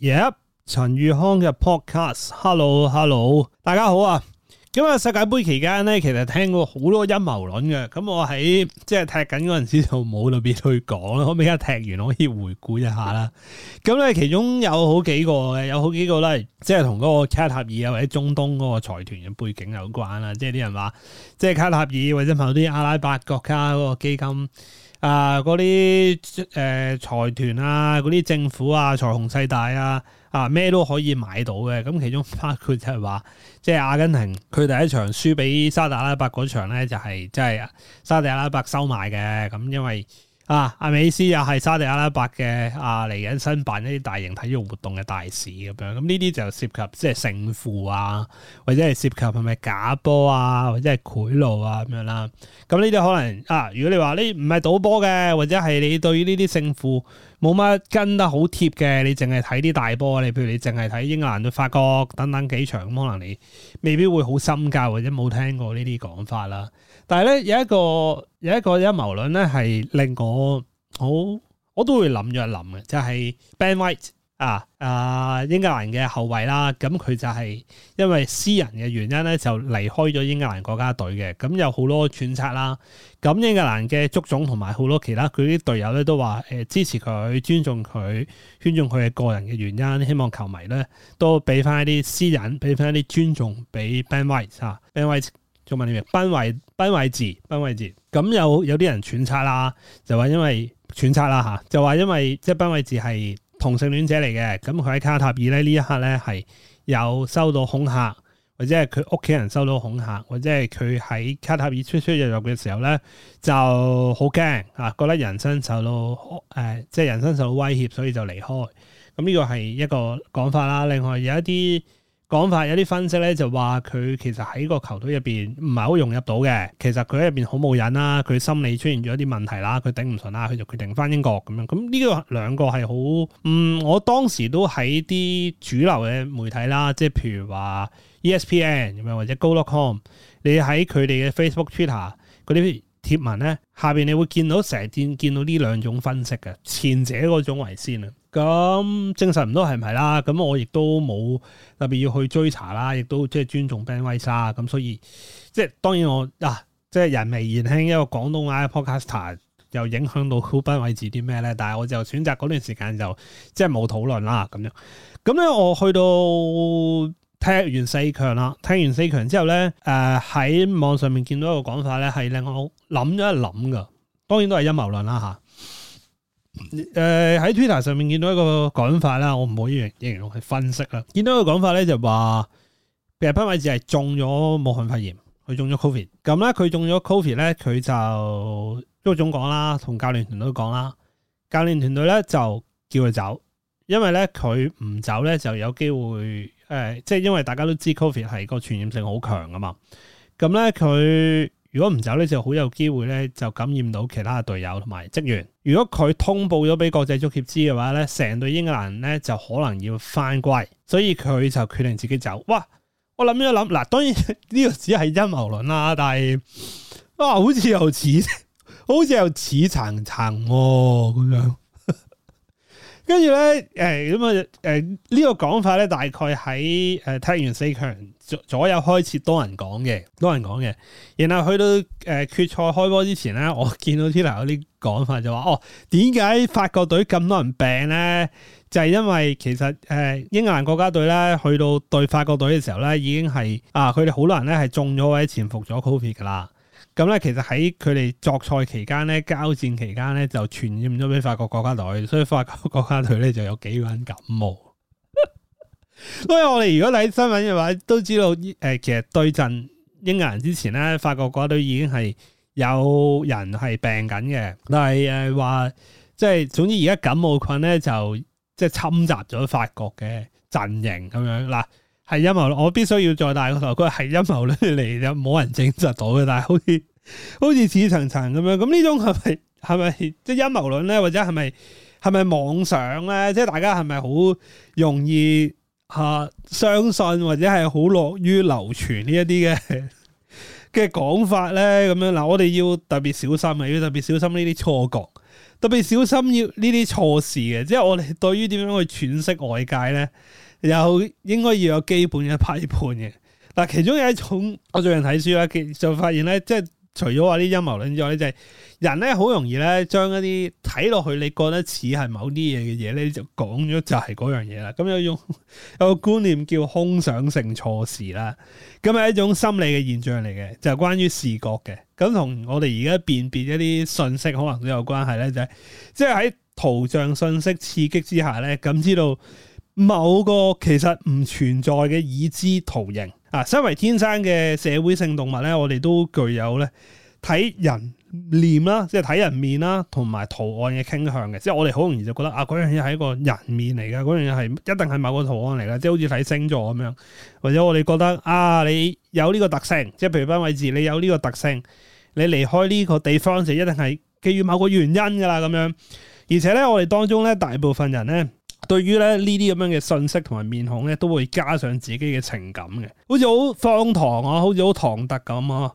耶！陳宇康嘅 podcast，hello hello，大家好啊！今日世界盃期間咧，其實聽過好多陰謀論嘅。咁我喺即係踢緊嗰陣時就冇特別去講啦。咁而家踢完，我可以回顧一下啦。咁咧，其中有好幾個嘅，有好幾個咧，即係同嗰個卡塔爾啊或者中東嗰個財團嘅背景有關啦。即係啲人話，即係卡塔爾或者某啲阿拉伯國家嗰個基金。啊！嗰啲誒財團啊，嗰啲政府啊，財雄勢大啊，啊咩都可以買到嘅。咁、啊、其中包括就係話，即、就、係、是、阿根廷佢第一場輸俾沙特阿拉伯嗰場咧，就係即係沙特阿拉伯收買嘅。咁、啊、因為啊！阿美斯又係沙地阿拉伯嘅啊，嚟緊申辦一啲大型體育活動嘅大使。咁樣啊，咁呢啲就涉及即係勝負啊，或者係涉及係咪假波啊，或者係賄賂啊咁樣啦。咁呢啲可能啊，如果你話你唔係賭波嘅，或者係你對呢啲勝負冇乜跟得好貼嘅，你淨係睇啲大波，你譬如你淨係睇英格蘭對法國等等幾場，咁可能你未必會好深究，或者冇聽過呢啲講法啦。但係咧有一個有一個陰謀論咧係令我好我都會諗一諗嘅，就係、是、Ben White 啊啊英格蘭嘅後衞啦，咁佢就係因為私人嘅原因咧就離開咗英格蘭國家隊嘅，咁有好多揣測啦。咁英格蘭嘅足總同埋好多其他佢啲隊友咧都話誒支持佢，尊重佢，尊重佢嘅個人嘅原因，希望球迷咧都俾翻一啲私人俾翻一啲尊重俾 Ben White、啊、Ben White。中文啲嘢，斌位斌偉志，斌偉志。咁有有啲人揣測啦，就話因為揣測啦吓，就話因為即係斌位字係同性戀者嚟嘅，咁佢喺卡塔爾咧呢一刻咧係有收到恐嚇，或者係佢屋企人收到恐嚇，或者係佢喺卡塔爾出出入入嘅時候咧就好驚啊，覺得人身受到誒即係人身受到威脅，所以就離開。咁呢個係一個講法啦。另外有一啲。講法有啲分析咧，就話佢其實喺個球隊入邊唔係好融入到嘅。其實佢喺入邊好冇癮啦，佢心理出現咗啲問題啦，佢頂唔順啦，佢就決定翻英國咁樣。咁呢個兩個係好，嗯，我當時都喺啲主流嘅媒體啦，即係譬如話 ESPN 咁樣或者 Goal.com，你喺佢哋嘅 Facebook、Twitter 嗰啲。貼文咧，下邊你會見到成日見,見到呢兩種分析嘅，前者嗰種為先啊。咁、嗯、證實唔到係唔係啦？咁、嗯、我亦都冇特別要去追查啦，亦都即係尊重 Ben 威沙咁，所以即係當然我嗱、啊，即係人微言輕一個廣東話 podcaster，又影響到 Hubin 位置啲咩咧？但係我就選擇嗰段時間就即係冇討論啦咁樣。咁、嗯、咧、嗯，我去到聽完四強啦，聽完四強之後咧，誒、呃、喺網上面見到一個講法咧，係令我。諗咗一諗噶，當然都係陰謀論啦吓。誒、呃，喺 Twitter 上面見到一個講法啦，我唔可以認認同去分析啦。見到一個講法咧，就話，皮埃爾潘瓦茲係中咗武漢肺炎，佢中咗 Covid CO。咁咧佢中咗 Covid 咧，佢就都總講啦，同教練團隊講啦，教練團隊咧就叫佢走，因為咧佢唔走咧就有機會，誒、呃，即係因為大家都知 Covid 係個傳染性好強噶嘛。咁咧佢。如果唔走呢，就好有機會咧就感染到其他嘅隊友同埋職員。如果佢通報咗俾國際足協知嘅話咧，成隊英格蘭人咧就可能要翻歸，所以佢就決定自己走。哇！我諗一諗，嗱，當然呢個只係陰謀論啦，但係哇，好似又似，好似又似層層咁樣。跟住咧，誒咁啊，誒、呃這個、呢個講法咧，大概喺誒踢完四強左左右開始多人講嘅，多人講嘅。然後去到誒、呃、決賽開波之前咧，我見到 Tina 有啲講法就話：哦，點解法國隊咁多人病咧？就係、是、因為其實誒、呃、英格蘭國家隊咧，去到對法國隊嘅時候咧，已經係啊，佢哋好多人咧係中咗位潛伏咗 Covid 噶啦。咁咧，其實喺佢哋作賽期間咧、交戰期間咧，就傳染咗俾法國國家隊，所以法國國家隊咧就有幾個人感冒。 所以我哋如果睇新聞嘅話，都知道誒，其實對陣英格蘭之前咧，法國國家隊已經係有人係病緊嘅，但係誒，話即係總之而家感冒菌咧就即係侵襲咗法國嘅陣營咁樣嗱。係陰謀論，我必須要再大個頭，佢係陰謀論嚟，就冇人證實到嘅。但係好，好似好似似層層咁樣，咁呢種係咪係咪即係陰謀論咧？或者係咪係咪妄想咧？即係大家係咪好容易吓、啊、相信，或者係好樂於流傳呢一啲嘅嘅講法咧？咁樣嗱，我哋要特別小心呀，要特別小心呢啲錯覺，特別小心要呢啲錯事嘅。即係我哋對於點樣去詮釋外界咧？有應該要有基本嘅批判嘅。嗱，其中有一種我最近睇書其就發現咧，即係除咗話啲陰謀論之外，就係人咧好容易咧將一啲睇落去你覺得似係某啲嘢嘅嘢咧，就講咗就係嗰樣嘢啦。咁又用有個觀念叫空想性錯視啦，咁係一種心理嘅現象嚟嘅，就係關於視覺嘅。咁同我哋而家辨別一啲信息可能都有關係咧，就係即係喺圖像信息刺激之下咧，咁知道。某個其實唔存在嘅已知圖形啊，身為天生嘅社會性動物咧，我哋都具有咧睇人臉啦，即係睇人面啦，同埋圖案嘅傾向嘅。即係我哋好容易就覺得啊，嗰樣嘢係一個人面嚟嘅，嗰樣嘢係一定係某個圖案嚟嘅，即係好似睇星座咁樣。或者我哋覺得啊，你有呢個特性，即係譬如班位置，你有呢個特性，你離開呢個地方就一定係基於某個原因㗎啦咁樣。而且咧，我哋當中咧大部分人咧。對於咧呢啲咁樣嘅信息同埋面孔咧，都會加上自己嘅情感嘅，好似好荒唐啊，好似好唐突咁啊。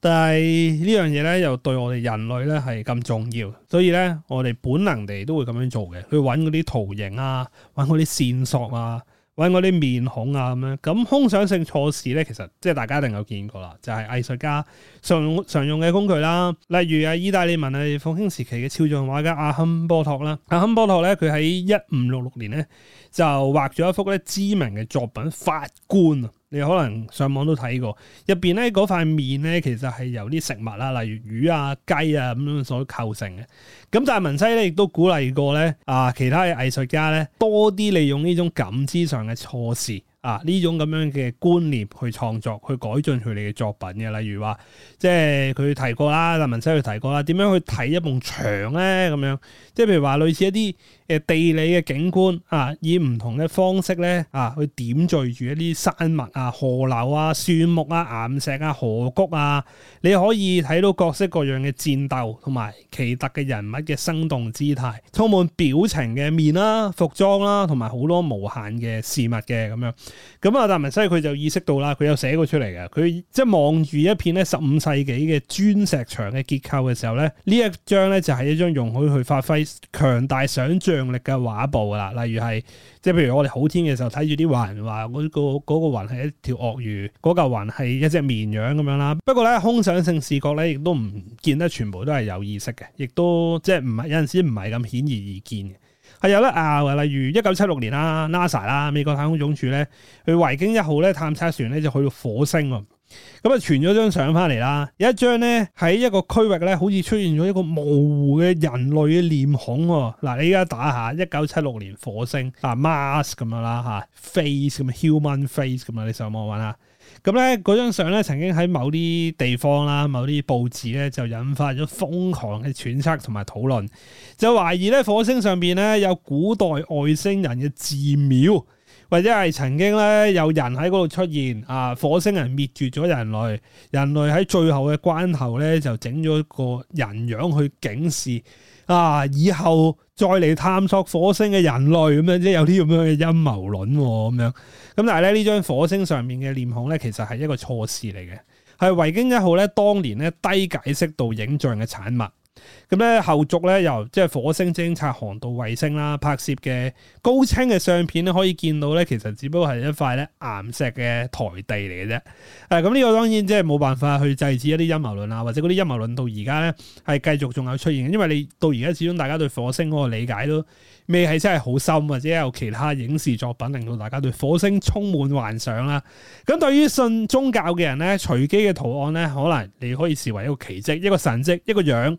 但係呢樣嘢咧，又對我哋人類咧係咁重要，所以咧我哋本能地都會咁樣做嘅，去揾嗰啲圖形啊，揾嗰啲線索啊。揾我啲面孔啊咁樣，咁空想性錯視咧，其實即係大家一定有見過啦，就係藝術家常用常用嘅工具啦。例如啊，意大利文藝復興時期嘅肖像畫家阿坎波托啦，阿坎波托咧，佢喺一五六六年咧就畫咗一幅咧知名嘅作品《法官》。你可能上網都睇過，入邊咧嗰塊面咧，其實係由啲食物啦，例如魚啊、雞啊咁樣所構成嘅。咁達文西咧亦都鼓勵過咧啊，其他嘅藝術家咧多啲利用呢種感知上嘅錯視。啊！呢種咁樣嘅觀念去創作，去改進佢哋嘅作品嘅，例如話，即係佢提過啦，達文西佢提過啦，點樣去睇一埲牆咧？咁樣即係譬如話，類似一啲誒地理嘅景觀啊，以唔同嘅方式咧啊，去點綴住一啲山脈啊、河流啊、樹木啊、岩石啊、河谷啊，你可以睇到各式各樣嘅戰鬥同埋奇特嘅人物嘅生動姿態，充滿表情嘅面啦、啊、服裝啦、啊，同埋好多無限嘅事物嘅咁樣。咁啊，達文西佢就意識到啦，佢有寫過出嚟嘅。佢即係望住一片咧十五世紀嘅磚石牆嘅結構嘅時候咧，呢一張咧就係一張容許佢去發揮強大想像力嘅畫布啦。例如係即係譬如我哋好天嘅時候睇住啲雲話，嗰個嗰個雲係一條鱷魚，嗰嚿雲係一隻綿羊咁樣啦。不過咧，空想性視覺咧亦都唔見得全部都係有意識嘅，亦都即係唔係有陣時唔係咁顯而易見嘅。係有啦，啊，例如一九七六年啦，NASA 啦，美國太空總署咧，去維京一號咧探測船咧就去到火星喎，咁啊傳咗張相翻嚟啦，有一張咧喺一,一個區域咧，好似出現咗一個模糊嘅人類嘅臉孔喎，嗱，你而家打下一九七六年火星啊，Mars 咁樣啦吓 face 咁 human face 咁啊，你上網玩下。咁咧，嗰張相咧曾經喺某啲地方啦、某啲報紙咧就引發咗瘋狂嘅揣測同埋討論，就懷疑咧火星上邊咧有古代外星人嘅寺廟，或者係曾經咧有人喺嗰度出現啊！火星人滅絕咗人類，人類喺最後嘅關頭咧就整咗個人樣去警示。啊！以後再嚟探索火星嘅人類咁樣，即係有啲咁樣嘅陰謀論咁、啊、樣。咁但係咧，呢張火星上面嘅臉孔咧，其實係一個錯視嚟嘅，係維京一號咧當年咧低解析度影像嘅產物。咁咧後續咧由即係火星偵察航道衛星啦拍攝嘅高清嘅相片咧，可以見到咧其實只不過係一塊咧岩石嘅台地嚟嘅啫。誒、啊，咁呢個當然即係冇辦法去制止一啲陰謀論啊，或者嗰啲陰謀論到而家咧係繼續仲有出現。因為你到而家始終大家對火星嗰個理解都未係真係好深或者有其他影視作品令到大家對火星充滿幻想啦。咁對於信宗教嘅人咧，隨機嘅圖案咧，可能你可以視為一個奇蹟、一個神蹟、一個樣。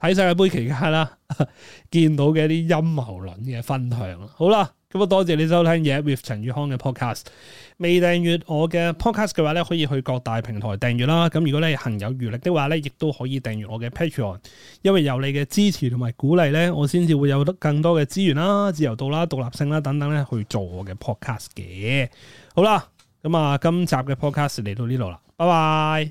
喺世界杯期間啦， 見到嘅一啲陰謀論嘅分享好啦，咁啊多謝你收聽嘅 With 陳宇康嘅 Podcast。未訂閱我嘅 Podcast 嘅話咧，可以去各大平台訂閱啦。咁如果你係行有餘力的話咧，亦都可以訂閱我嘅 Patreon。因為由你嘅支持同埋鼓勵咧，我先至會有得更多嘅資源啦、自由度啦、獨立性啦等等咧去做我嘅 Podcast 嘅。好啦，咁啊，今集嘅 Podcast 嚟到呢度啦，拜拜。